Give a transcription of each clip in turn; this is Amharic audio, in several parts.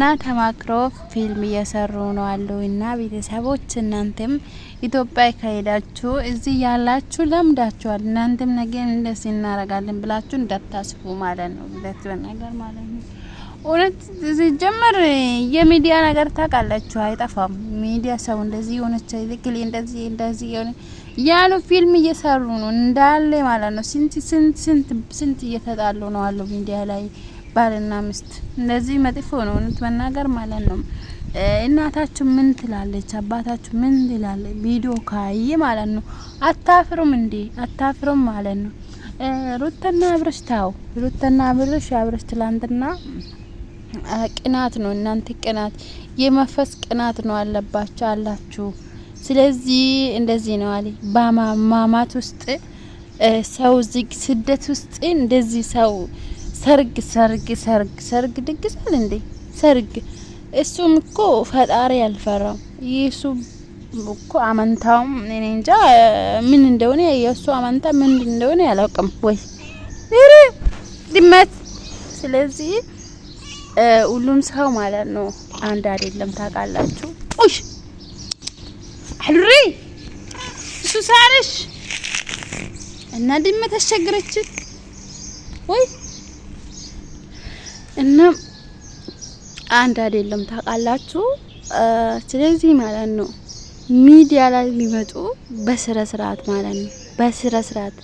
እና ተማክሮ ፊልም እየሰሩ ነው አሉ እና ቤተሰቦች እናንተም ኢትዮጵያ ከሄዳችሁ እዚህ ያላችሁ ለምዳችኋል። እናንተም ነገ እንደዚህ እናረጋለን ብላችሁ እንዳታስቡ ማለት ነው። ሁለት ነገር ማለት ነው። እውነት እዚህ ሲጀመር የሚዲያ ነገር ታውቃላችሁ፣ አይጠፋም። ሚዲያ ሰው እንደዚህ የሆነች ትክል እንደዚህ እንደዚህ የሆነ ያሉ ፊልም እየሰሩ ነው እንዳለ ማለት ነው። ስንት ስንት ስንት ስንት እየተጣሉ ነው አሉ ሚዲያ ላይ ባልና ሚስት እንደዚህ መጥፎ ነው እውነት መናገር ማለት ነው። እናታችሁ ምን ትላለች፣ አባታችሁ ምን ይላል ቪዲዮ ካይ ማለት ነው። አታፍሩም እንዴ? አታፍሩም ማለት ነው። ሩተና አብረሽ ታው ሩታና አብረሽ አብረሽ ትላንትና ቅናት ነው እናንተ ቅናት የመንፈስ ቅናት ነው አለባችሁ አላችሁ። ስለዚህ እንደዚህ ነው አለ በማማማት ውስጥ ሰው ዝግ ስደት ውስጥ እንደዚህ ሰው ሰርግ ሰርግ ሰርግ ሰርግ ድግሳል እንዴ ሰርግ። እሱም እኮ ፈጣሪ ያልፈራው የሱ እኮ አመንታውም እኔ እንጃ ምን እንደሆነ የእሱ አመንታ ምን እንደሆነ ያላውቅም ወይ ድመት። ስለዚህ ሁሉም ሰው ማለት ነው አንድ አይደለም። ታውቃላችሁ ኡሽ አሉሬ እሱ ሳረሽ እና ድመት አስቸግረችን ወይ እና አንድ አይደለም ታውቃላችሁ። ስለዚህ ማለት ነው ሚዲያ ላይ ሊመጡ በስረ ስርዓት ማለት ነው በስረ ስርዓት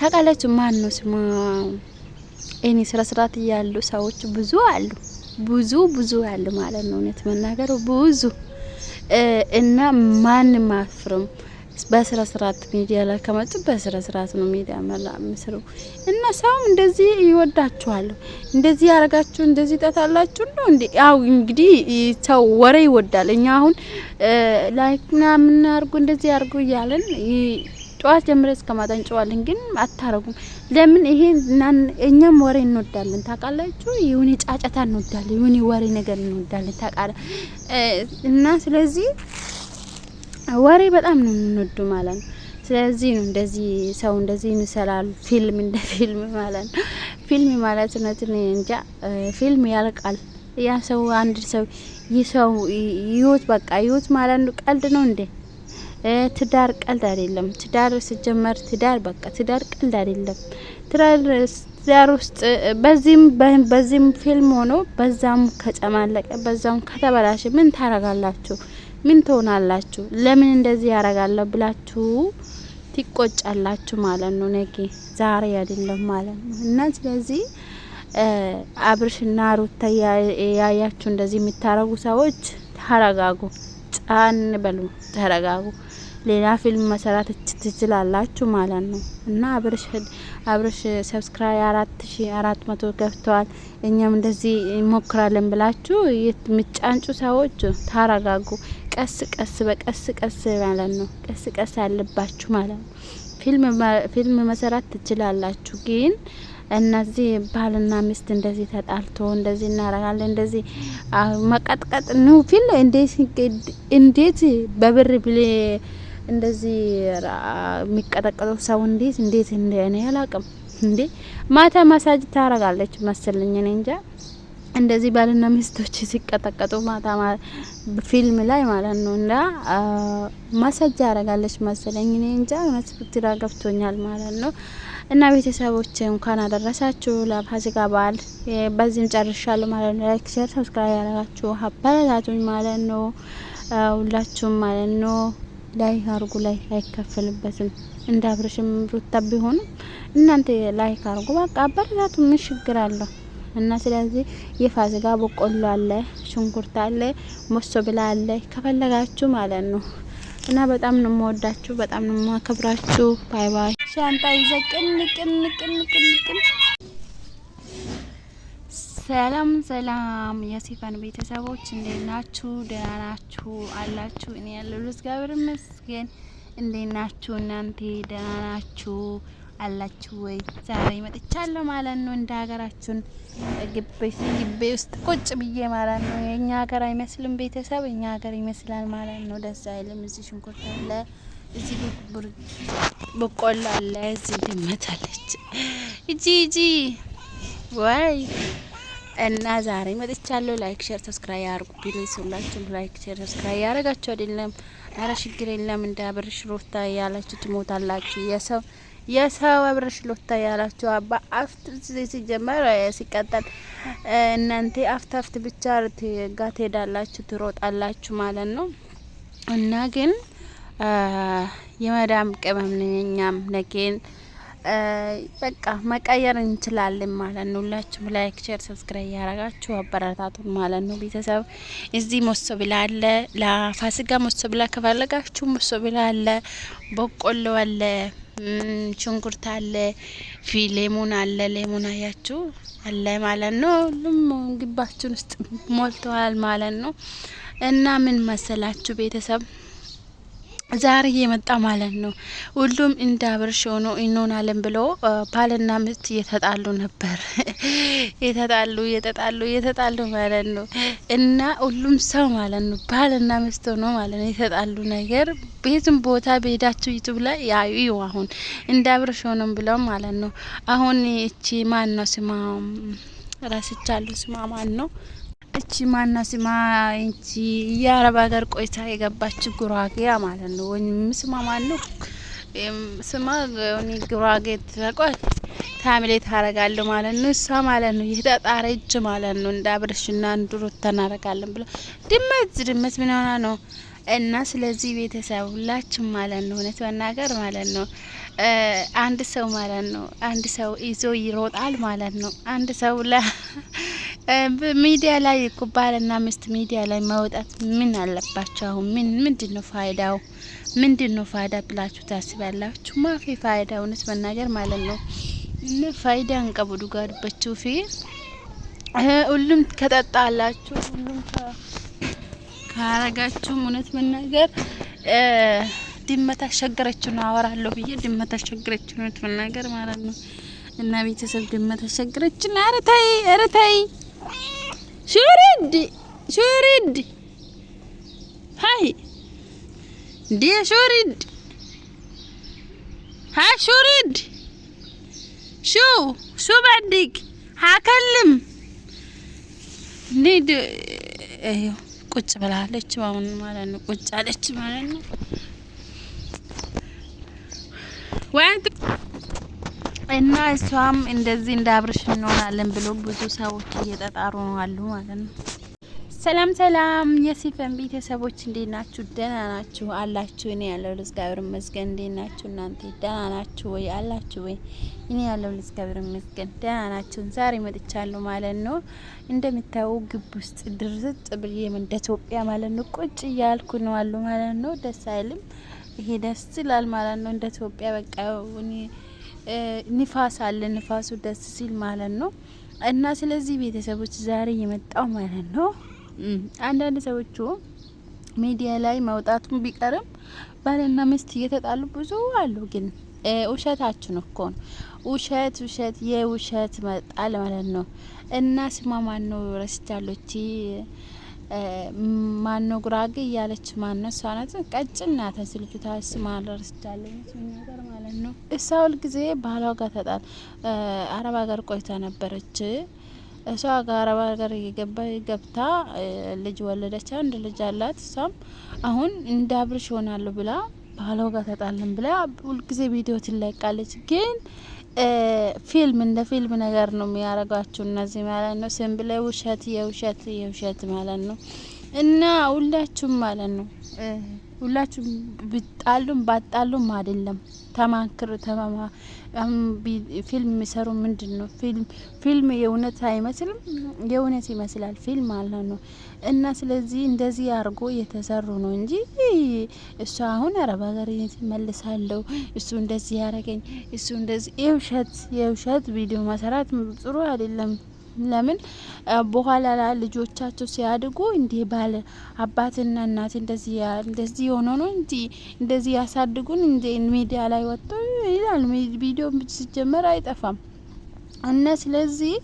ታውቃላችሁ። ማን ነው ስማ እኔ ስረ ስርዓት እያሉ ሰዎች ብዙ አሉ ብዙ ብዙ አሉ ማለት ነው እውነት መናገሩ ብዙ እና ማንም አፍርም በስነ ስርዓት ሚዲያ ላይ ከመጡ በስነ ስርዓት ነው ሚዲያ መላ ምስሩ እና ሰውም እንደዚህ ይወዳችኋል። እንደዚህ ያረጋችሁ እንደዚህ ጠታላችሁ ነው እንዴ? ያው እንግዲህ ሰው ወሬ ይወዳል። እኛ አሁን ላይክ ምናምን አርጉ እንደዚህ አርጉ እያለን ጠዋት ጀምረ እስከ ማታ እንጨዋለን፣ ግን አታረጉም። ለምን ይሄ እኛም ወሬ እንወዳለን ታውቃላችሁ። የሆነ ጫጫታ እንወዳለን፣ የሆነ ወሬ ነገር እንወዳለን ታውቃለህ። እና ስለዚህ ወሬ በጣም ነው የምንወዱ ማለት ነው። ስለዚህ ነው እንደዚህ ሰው እንደዚህ ይምሰላል። ፊልም እንደ ፊልም ማለት ነው። ፊልም ማለት እውነት እንጃ ፊልም ያልቃል። ያ ሰው አንድ ሰው ይሰው ይወት በቃ ይወት ማለት ነው። ቀልድ ነው እንዴ? ትዳር ቀልድ አይደለም። ትዳር ስጀመር ትዳር በቃ ትዳር ቀልድ አይደለም። ትዳር ውስጥ በዚህም በዚህም ፊልም ሆኖ በዛም ከጨማለቀ በዛም ከተበላሸ ምን ታረጋላችሁ? ምን ትሆናላችሁ? ለምን እንደዚህ ያረጋለሁ ብላችሁ ትቆጫላችሁ ማለት ነው። ነገ ዛሬ አይደለም ማለት ነው። እና ስለዚህ አብርሽና ሩታ ያያችሁ እንደዚህ የምታረጉ ሰዎች ተረጋጉ፣ ጫን በሉ፣ ተረጋጉ። ሌላ ፊልም መሰራት ትችላላችሁ ማለት ነው እና አብርሽ አብርሽ ሰብስክራይ አራት ሺ አራት መቶ ገብተዋል። እኛም እንደዚህ እንሞክራለን ብላችሁ የምትጫንጩ ሰዎች ታረጋጉ። ቀስ ቀስ በቀስ ቀስ ማለት ነው። ቀስ ቀስ ያለባችሁ ማለት ነው። ፊልም ፊልም መሰራት ትችላላችሁ ግን እነዚህ ባልና ሚስት እንደዚህ ተጣልቶ እንደዚህ እናረጋለን እንደዚህ መቀጥቀጥ ነው። ፊልም እንዴት በብር ብሌ እንደዚህ የሚቀጠቀጠው ሰው እንዴት እንዴት እንደሆነ ያላቅም እንዴ ማታ ማሳጅ ታረጋለች መሰለኝ እኔ እንጃ። እንደዚህ ባልና ሚስቶች ሲቀጠቀጡ ማታ ፊልም ላይ ማለት ነው። እና ማሳጅ አረጋለች መሰለኝ እኔ እንጃ፣ እውነት ብትራ ገብቶኛል ማለት ነው። እና ቤተሰቦች እንኳን አደረሳችሁ ለፋሲካ በዓል። በዚህም ጨርሻለሁ ማለት ነው። ላይክ፣ ሼር፣ ሰብስክራይብ ያደረጋችሁ አበረታቱኝ ማለት ነው። ሁላችሁም ማለት ነው። ላይ አርጉ። ላይ አይከፈልበትም እንደ አብረሽም ሩታ ቢሆኑም እናንተ ላይክ አርጉ። በቃ አበረታቱ። ምን ችግር አለው? እና ስለዚህ የፋሲካ በቆሎ አለ፣ ሽንኩርት አለ፣ መሶ ብላ አለ ከፈለጋችሁ ማለት ነው። እና በጣም ነው የምወዳችሁ፣ በጣም ነው የማከብራችሁ። ባይ ባይ። ሻንጣ ይዘ ቅን ቅን ቅን ቅን ቅን ሰላም ሰላም የሲፋን ቤተሰቦች እንዴት ናችሁ? ደህና ናችሁ አላችሁ? እኔ ያለው እግዚአብሔር ይመስገን። እንዴት ናችሁ እናንተ? ደህና ናችሁ? አላችሁ ወይ? ዛሬ መጥቻለሁ ማለት ነው። እንደ ሀገራችን ግቤ ውስጥ ቁጭ ብዬ ማለት ነው። የእኛ ሀገር አይመስልም ቤተሰብ፣ የኛ ሀገር ይመስላል ማለት ነው። ደስ አይልም። እዚህ ሽንኩርት አለ፣ እዚህ በቆሎ አለ፣ እዚህ ድመት አለች። እጂ እጂ ወይ እና ዛሬ መጥቻለሁ። ላይክ ሼር ሰብስክራይብ ያርጉ ፕሊዝ። ሁላችሁም ላይክ ሼር ሰብስክራይብ ያረጋችሁ አይደለም። አረ ችግር የለም። እንደ ብርሽ ሮፍታ ያላችሁ ትሞታላችሁ። የሰው የሰው ብር ሎታ ያላችሁ አባ አፍት ሲጀመር ሲቀጠል እናንተ አፍት አፍት ብቻ ጋ ትሄዳላችሁ ትሮጣላችሁ ማለት ነው። እና ግን የመዳም ቅመም ነኛም ነገን በቃ መቀየር እንችላለን ማለት ነው። ሁላችሁም ላይክ፣ ሼር፣ ሰብስክራይብ ያረጋችሁ አበረታቱን ማለት ነው። ቤተሰብ እዚህ ብላ አለ፣ ለፋሲካ ብላ ከፈለጋችሁ ሞሶ ብላ አለ፣ በቆሎ አለ ሽንኩርት አለ፣ ፊ ሌሞን አለ። ሌሞን አያችሁ አለ ማለት ነው። ሁሉም ግባችን ውስጥ ሞልተዋል ማለት ነው። እና ምን መሰላችሁ ቤተሰብ ዛሬ የመጣ ማለት ነው። ሁሉም እንደ አብርሽ ሆኖ እንሆናለን ብሎ ባልና ምት እየተጣሉ ነበር። እየተጣሉ እየተጣሉ እየተጣሉ ማለት ነው እና ሁሉም ሰው ማለት ነው ባልና ሚስት ሆኖ ማለት ነው የተጣሉ ነገር ቤትም ቦታ በሄዳችሁ ዩቱብ ላይ ያዩ አሁን እንደ አብርሽ ሆኖም ብለው ማለት ነው። አሁን እቺ ማን ነው ስማ ራስቻሉ ስማ ማን ነው እቺ ማና ስማ እንቺ የአረብ ሀገር ቆይታ የገባች ጉራጌያ ማለት ነው። ወይ ምስማ ማን ነው ስማ ወይ ጉራጌ ተቆይ ታምሌ ታረጋለሁ ማለት ነው። እሷ ማለት ነው የተጣረ እጅ ማለት ነው። እንደ አብረሽና እንድሩት ተናረጋለን ብሎ ድመት ድመት ምን ሆና ነው እና ስለዚህ ቤተሰብ ሁላችን ማለት ነው እውነት መናገር ማለት ነው አንድ ሰው ማለት ነው አንድ ሰው ይዞ ይሮጣል ማለት ነው። አንድ ሰው ለ ሚዲያ ላይ እኮ ባልና ሚስት ሚዲያ ላይ መውጣት ምን አለባቸው? አሁን ምን ምንድን ነው ፋይዳው? ምንድን ነው ፋይዳ ብላችሁ ታስባላችሁ? ማፊ ፋይዳ እውነት መናገር ማለት ነው እና ፋይዳ ጋር በችው ፊ ሁሉም ከጠጣላችሁ ሁሉም አያረጋችሁም። እውነት መናገር ድመት አስቸገረችን ነው አወራለሁ ብዬ ድመት አስቸገረችን፣ እውነት መናገር ማለት ነው። እና ቤተሰብ ድመት አስቸገረችን። ኧረ ተይ፣ ኧረ ተይ፣ ሹሪድ ሹሪድ፣ ሀይ ዲ ሹሪድ፣ ሀ ሹሪድ፣ ሹ ሹ ባዲግ ሀከልም ኒድ ይኸው ቁጭ ብላለች። አሁን ማለት ነው ቁጭ አለች ማለት ነው። እና እሷም እንደዚህ እንዳብርሽ እንሆናለን ብሎ ብዙ ሰዎች እየጠጣሩ ነው አሉ ማለት ነው። ሰላም ሰላም የሲፈን ቤተሰቦች እንዴት ናችሁ? ደህና ናችሁ አላችሁ? እኔ ያለው እግዚአብሔር ይመስገን። እንዴት ናችሁ እናንተ? ደህና ናችሁ ወይ አላችሁ ወይ? እኔ ያለው እግዚአብሔር ይመስገን ደህና ናችሁ። ዛሬ መጥቻለሁ ማለት ነው። እንደሚታዩ ግቢ ውስጥ ድርዝጥ ብዬ እንደ ኢትዮጵያ ማለት ነው ቁጭ እያልኩ ነው አሉ ማለት ነው። ደስ አይልም? ይሄ ደስ ይላል ማለት ነው። እንደ ኢትዮጵያ በቃ ንፋስ አለ። ንፋሱ ደስ ሲል ማለት ነው። እና ስለዚህ ቤተሰቦች ዛሬ የመጣው ማለት ነው አንዳንድ ሰዎቹ ሚዲያ ላይ መውጣቱን ቢቀርም ባልና ሚስት እየተጣሉ ብዙ አሉ። ግን ውሸታችን እኮ ነው። ውሸት ውሸት የውሸት መጣል ማለት ነው። እና ስማ ማኖ ረስቻለች ማኖ ጉራጌ እያለች ማነ እሷ ናት። ቀጭን ናት ስልጅታ ስማ ረስቻለች ነገር ማለት ነው። እሷ ሁልጊዜ ባሏ ጋር ተጣል አረብ ሀገር ቆይታ ነበረች እሷ ከአረብ ሀገር እየገባ ገብታ ልጅ ወለደች። አንድ ልጅ አላት። እሷም አሁን እንደ አብርሽ ሆናለሁ ብላ ባህሏ ጋር ተጣልን ብላ ሁልጊዜ ቪዲዮ ትለቃለች። ግን ፊልም እንደ ፊልም ነገር ነው የሚያደርጓችሁ እነዚህ ማለት ነው። ስም ብለ ውሸት የውሸት የውሸት ማለት ነው እና ሁላችሁም ማለት ነው ሁላችሁ ብጣሉም ባጣሉም አይደለም ተማክር ተማማ ፊልም የሚሰሩ ምንድን ነው ፊልም ፊልም የእውነት አይመስልም የእውነት ይመስላል ፊልም አለ ነው እና ስለዚህ እንደዚህ አድርጎ የተሰሩ ነው እንጂ እሱ አሁን አረብ ሀገር መልሳለሁ እሱ እንደዚህ ያደረገኝ እሱ እንደዚህ የውሸት የውሸት ቪዲዮ መሰራት ጥሩ አይደለም ለምን በኋላ ላይ ልጆቻቸው ሲያድጉ እንዲህ ባለ አባትና እናት እንደዚህ የሆነ ነው እንጂ እንደዚህ ያሳድጉን እንደ ሚዲያ ላይ ወጥቶ ይላል። ቪዲዮ ሲጀመር አይጠፋም እና ስለዚህ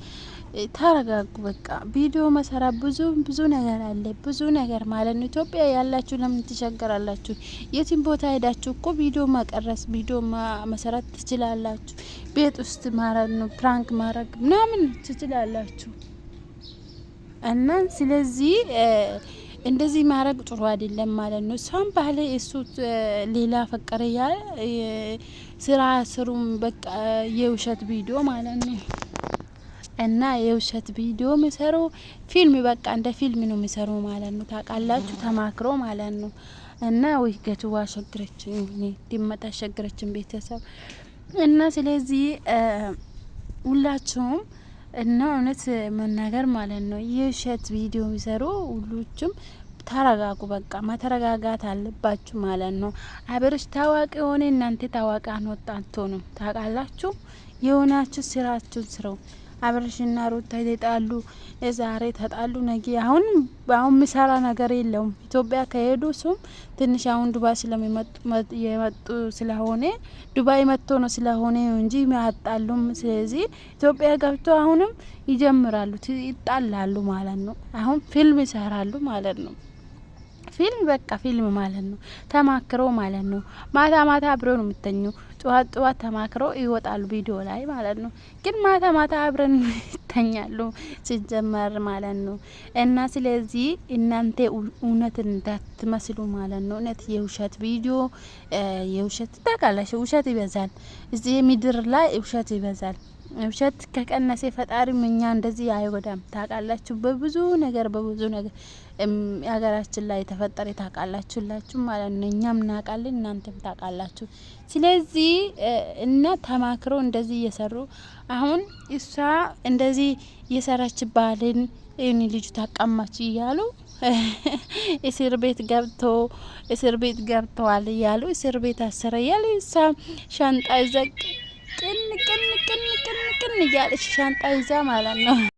ተረጋጉ። በቃ ቪዲዮ መሰራ ብዙ ብዙ ነገር አለ፣ ብዙ ነገር ማለት ነው። ኢትዮጵያ ያላችሁ ለምን ትቸገራላችሁ? የትም ቦታ ሄዳችሁ እኮ ቪዲዮ መቀረስ፣ ቪዲዮ መሰራት ትችላላችሁ። ቤት ውስጥ ማረግ ነው፣ ፕራንክ ማረግ ምናምን ትችላላችሁ። እና ስለዚህ እንደዚህ ማድረግ ጥሩ አይደለም ማለት ነው። እሷም ባህል እሱ ሌላ ፈቀረ ያ ስራ ስሩም በቃ የውሸት ቪዲዮ ማለት ነው። እና የውሸት ቪዲዮ ምሰሩ ፊልም በቃ እንደ ፊልም ነው ምሰሩ ማለት ነው። ታውቃላችሁ፣ ተማክሮ ማለት ነው። እና ወይ ገቱ አሸግረችን ዲመጣ አሸግረችን ቤተሰብ እና ስለዚህ ሁላችሁም እና እውነት መናገር ማለት ነው የውሸት ቪዲዮ የሚሰሩ ሁሉችም ተረጋጉ። በቃ መተረጋጋት አለባችሁ ማለት ነው። አብርሽ ታዋቂ የሆነ እናንተ ታዋቂ አንወጣቶ ነው ታውቃላችሁ። የሆናችሁ ስራችሁን ስረው አብርሽና ሩታ ይጣሉ፣ የዛሬ ተጣሉ፣ ነገ አሁን አሁን ምሰራ ነገር የለውም። ኢትዮጵያ ከሄዱ ሱም ትንሽ አሁን ዱባይ ስለሚመጡ ስለሆነ ዱባይ መጥቶ ነው ስለሆነ እንጂ ያጣሉም። ስለዚህ ኢትዮጵያ ገብቶ አሁንም ይጀምራሉ፣ ይጣላሉ ማለት ነው። አሁን ፊልም ይሰራሉ ማለት ነው። ፊልም በቃ ፊልም ማለት ነው። ተማክሮ ማለት ነው። ማታ ማታ አብረው ነው የምተኙ ጠዋት ጠዋት ተማክረው ይወጣሉ ቪዲዮ ላይ ማለት ነው። ግን ማታ ማታ አብረን ይተኛሉ ሲጀመር ማለት ነው። እና ስለዚህ እናንተ እውነት እንዳትመስሉ ማለት ነው። እውነት የውሸት ቪዲዮ የውሸት ታውቃላችሁ፣ ውሸት ይበዛል። እዚህ ምድር ላይ ውሸት ይበዛል። ውሸት ከቀነሰ ፈጣሪ እኛ እንደዚህ አይወዳም። ታውቃላችሁ፣ በብዙ ነገር በብዙ ነገር ሀገራችን ላይ የተፈጠረ ታውቃላችሁላችሁ ማለት ነው። እኛም እናውቃለን፣ እናንተም ታውቃላችሁ። ስለዚህ እና ተማክረው እንደዚህ እየሰሩ አሁን እሷ እንደዚህ እየሰራች ባልን ይህን ልጁ ታቀማች እያሉ እስር ቤት ገብቶ እስር ቤት ገብተዋል እያሉ እስር ቤት አሰረ እያሉ እሷ ሻንጣ ይዘቅ ቅን ቅን ቅን ቅን ቅን እያለች ሻንጣ ይዛ ማለት ነው።